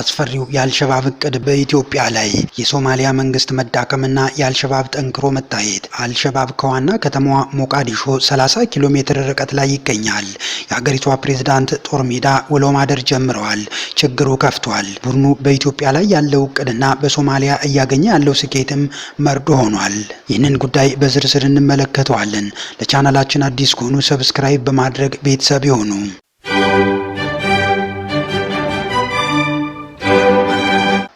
አስፈሪው የአልሸባብ እቅድ በኢትዮጵያ ላይ የሶማሊያ መንግስት መዳከምና የአልሸባብ ጠንክሮ መታየት። አልሸባብ ከዋና ከተማዋ ሞቃዲሾ 30 ኪሎ ሜትር ርቀት ላይ ይገኛል። የሀገሪቷ ፕሬዝዳንት ጦር ሜዳ ውሎ ማደር ጀምረዋል። ችግሩ ከፍቷል። ቡድኑ በኢትዮጵያ ላይ ያለው እቅድና በሶማሊያ እያገኘ ያለው ስኬትም መርዶ ሆኗል። ይህንን ጉዳይ በዝርዝር እንመለከተዋለን። ለቻናላችን አዲስ ከሆኑ ሰብስክራይብ በማድረግ ቤተሰብ ይሆኑ።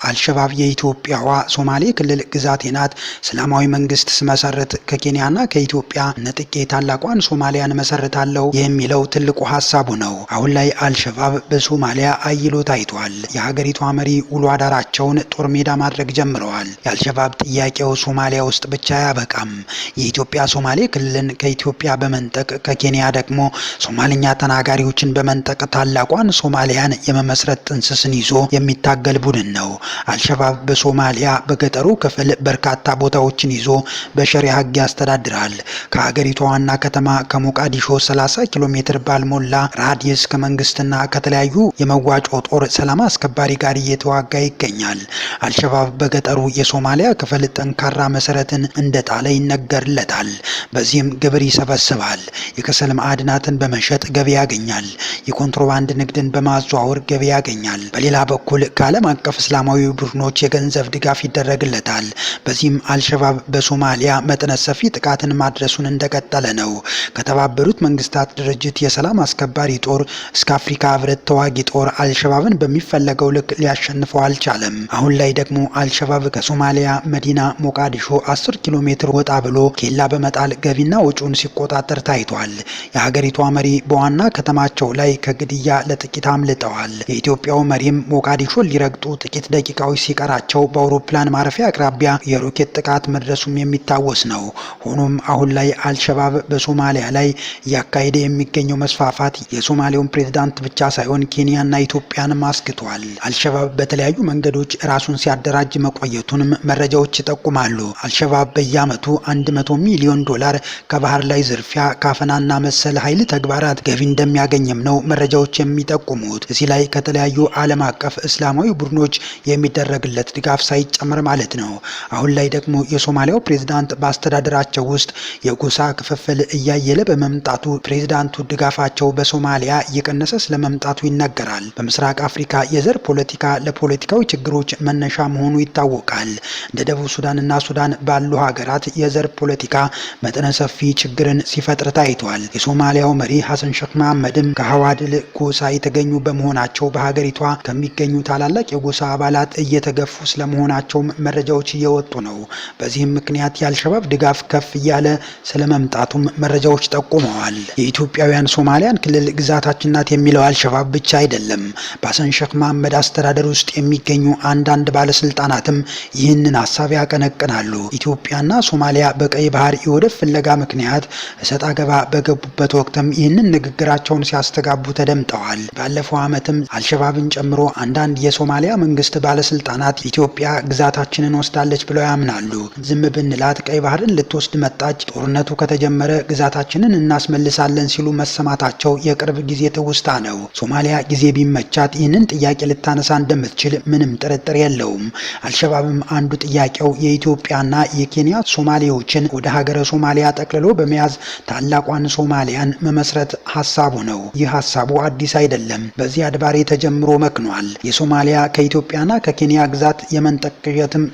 አልሸባብ የኢትዮጵያዋ ሶማሌ ክልል ግዛቴ ናት። እስላማዊ መንግስት ስመሰርት ከኬንያና ከኢትዮጵያ ነጥቄ ታላቋን ሶማሊያን መሰርታለሁ የሚለው ትልቁ ሀሳቡ ነው። አሁን ላይ አልሸባብ በሶማሊያ አይሎ ታይቷል። የሀገሪቷ መሪ ውሎ አዳራቸውን ጦር ሜዳ ማድረግ ጀምረዋል። የአልሸባብ ጥያቄው ሶማሊያ ውስጥ ብቻ አያበቃም። የኢትዮጵያ ሶማሌ ክልልን ከኢትዮጵያ በመንጠቅ ከኬንያ ደግሞ ሶማልኛ ተናጋሪዎችን በመንጠቅ ታላቋን ሶማሊያን የመመስረት ጥንስስን ይዞ የሚታገል ቡድን ነው። አልሸባብ በሶማሊያ በገጠሩ ክፍል በርካታ ቦታዎችን ይዞ በሸሪያ ሀግ ያስተዳድራል። ከሀገሪቷ ዋና ከተማ ከሞቃዲሾ 30 ኪሎ ሜትር ባልሞላ ራዲየስ ከመንግስትና ከተለያዩ የመዋጮ ጦር ሰላም አስከባሪ ጋር እየተዋጋ ይገኛል። አልሸባብ በገጠሩ የሶማሊያ ክፍል ጠንካራ መሰረትን እንደጣለ ይነገርለታል። በዚህም ግብር ይሰበስባል። የከሰል ማዕድናትን በመሸጥ ገቢ ያገኛል። የኮንትሮባንድ ንግድን በማዘዋወር ገቢ ያገኛል። በሌላ በኩል ከዓለም አቀፍ እስላማዊ ተዋጊ ቡድኖች የገንዘብ ድጋፍ ይደረግለታል። በዚህም አልሸባብ በሶማሊያ መጠነ ሰፊ ጥቃትን ማድረሱን እንደቀጠለ ነው። ከተባበሩት መንግስታት ድርጅት የሰላም አስከባሪ ጦር እስከ አፍሪካ ህብረት ተዋጊ ጦር አልሸባብን በሚፈለገው ልክ ሊያሸንፈው አልቻለም። አሁን ላይ ደግሞ አልሸባብ ከሶማሊያ መዲና ሞቃዲሾ 10 ኪሎ ሜትር ወጣ ብሎ ኬላ በመጣል ገቢና ወጪውን ሲቆጣጠር ታይቷል። የሀገሪቷ መሪ በዋና ከተማቸው ላይ ከግድያ ለጥቂት አምልጠዋል። የኢትዮጵያው መሪም ሞቃዲሾ ሊረግጡ ጥቂት ደቂቃ ደቂቃዎች ሲቀራቸው በአውሮፕላን ማረፊያ አቅራቢያ የሮኬት ጥቃት መድረሱም የሚታወስ ነው። ሆኖም አሁን ላይ አልሸባብ በሶማሊያ ላይ እያካሄደ የሚገኘው መስፋፋት የሶማሌውን ፕሬዝዳንት ብቻ ሳይሆን ኬንያና ኢትዮጵያንም አስግቷል። አልሸባብ በተለያዩ መንገዶች ራሱን ሲያደራጅ መቆየቱንም መረጃዎች ይጠቁማሉ። አልሸባብ በየአመቱ 100 ሚሊዮን ዶላር ከባህር ላይ ዝርፊያ፣ ካፈናና መሰል ኃይል ተግባራት ገቢ እንደሚያገኝም ነው መረጃዎች የሚጠቁሙት። እዚህ ላይ ከተለያዩ ዓለም አቀፍ እስላማዊ ቡድኖች የሚ የሚደረግለት ድጋፍ ሳይጨምር ማለት ነው። አሁን ላይ ደግሞ የሶማሊያው ፕሬዝዳንት በአስተዳደራቸው ውስጥ የጎሳ ክፍፍል እያየለ በመምጣቱ ፕሬዝዳንቱ ድጋፋቸው በሶማሊያ እየቀነሰ ስለመምጣቱ ይነገራል። በምስራቅ አፍሪካ የዘር ፖለቲካ ለፖለቲካዊ ችግሮች መነሻ መሆኑ ይታወቃል። እንደ ደቡብ ሱዳንና ሱዳን ባሉ ሀገራት የዘር ፖለቲካ መጠነ ሰፊ ችግርን ሲፈጥር ታይቷል። የሶማሊያው መሪ ሀሰን ሼክ መሐመድም ከሀዋድል ጎሳ የተገኙ በመሆናቸው በሀገሪቷ ከሚገኙ ታላላቅ የጎሳ አባላት እየተገፉ ስለመሆናቸውም መረጃዎች እየወጡ ነው። በዚህም ምክንያት የአልሸባብ ድጋፍ ከፍ እያለ ስለመምጣቱም መረጃዎች ጠቁመዋል። የኢትዮጵያውያን ሶማሊያን ክልል ግዛታችን ናት የሚለው አልሸባብ ብቻ አይደለም። በሀሰን ሼክ መሐመድ አስተዳደር ውስጥ የሚገኙ አንዳንድ ባለስልጣናትም ይህንን ሀሳብ ያቀነቅናሉ። ኢትዮጵያና ሶማሊያ በቀይ ባህር የወደብ ፍለጋ ምክንያት እሰጥ አገባ በገቡበት ወቅትም ይህንን ንግግራቸውን ሲያስተጋቡ ተደምጠዋል። ባለፈው ዓመትም አልሸባብን ጨምሮ አንዳንድ የሶማሊያ መንግስት ባለ ባለስልጣናት ኢትዮጵያ ግዛታችንን ወስዳለች ብለው ያምናሉ። ዝም ብንላት ቀይ ባህርን ልትወስድ መጣች፣ ጦርነቱ ከተጀመረ ግዛታችንን እናስመልሳለን ሲሉ መሰማታቸው የቅርብ ጊዜ ትውስታ ነው። ሶማሊያ ጊዜ ቢመቻት ይህንን ጥያቄ ልታነሳ እንደምትችል ምንም ጥርጥር የለውም። አልሸባብም አንዱ ጥያቄው የኢትዮጵያና የኬንያ ሶማሌዎችን ወደ ሀገረ ሶማሊያ ጠቅልሎ በመያዝ ታላቋን ሶማሊያን መመስረት ሀሳቡ ነው። ይህ ሀሳቡ አዲስ አይደለም። በዚህ አድባሬ ተጀምሮ መክኗል። የሶማሊያ ከኢትዮጵያና የኬንያ ግዛት የመንጠቅ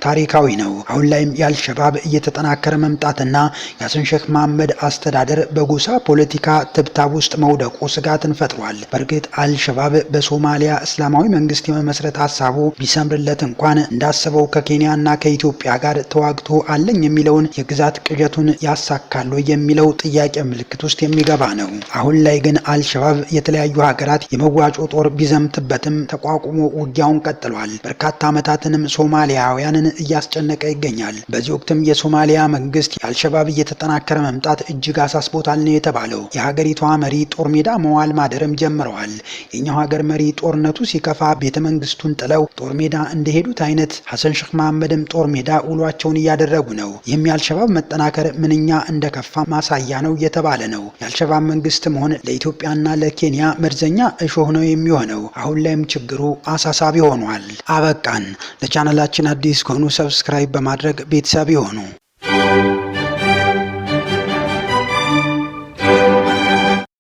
ታሪካዊ ነው። አሁን ላይም የአልሸባብ እየተጠናከረ መምጣትና የሀሰን ሼክ መሐመድ አስተዳደር በጎሳ ፖለቲካ ትብታብ ውስጥ መውደቁ ስጋትን ፈጥሯል። በእርግጥ አልሸባብ በሶማሊያ እስላማዊ መንግስት የመመስረት ሀሳቡ ቢሰምርለት እንኳን እንዳሰበው ከኬንያና ከኢትዮጵያ ጋር ተዋግቶ አለኝ የሚለውን የግዛት ቅዠቱን ያሳካሉ የሚለው ጥያቄ ምልክት ውስጥ የሚገባ ነው። አሁን ላይ ግን አልሸባብ የተለያዩ ሀገራት የመዋጮ ጦር ቢዘምትበትም ተቋቁሞ ውጊያውን ቀጥሏል። ለበርካታ ዓመታትንም ሶማሊያውያንን እያስጨነቀ ይገኛል። በዚህ ወቅትም የሶማሊያ መንግስት የአልሸባብ እየተጠናከረ መምጣት እጅግ አሳስቦታል ነው የተባለው። የሀገሪቷ መሪ ጦር ሜዳ መዋል ማደርም ጀምረዋል። የኛው ሀገር መሪ ጦርነቱ ሲከፋ ቤተ መንግስቱን ጥለው ጦር ሜዳ እንደሄዱት አይነት ሐሰን ሼክ መሐመድም ጦር ሜዳ ውሏቸውን እያደረጉ ነው። ይህም የአልሸባብ መጠናከር ምንኛ እንደከፋ ማሳያ ነው እየተባለ ነው። የአልሸባብ መንግስት መሆን ለኢትዮጵያና ለኬንያ መርዘኛ እሾህ ነው የሚሆነው። አሁን ላይም ችግሩ አሳሳቢ ሆኗል። አበቃን። ለቻናላችን አዲስ ከሆኑ ሰብስክራይብ በማድረግ ቤተሰብ ይሆኑ።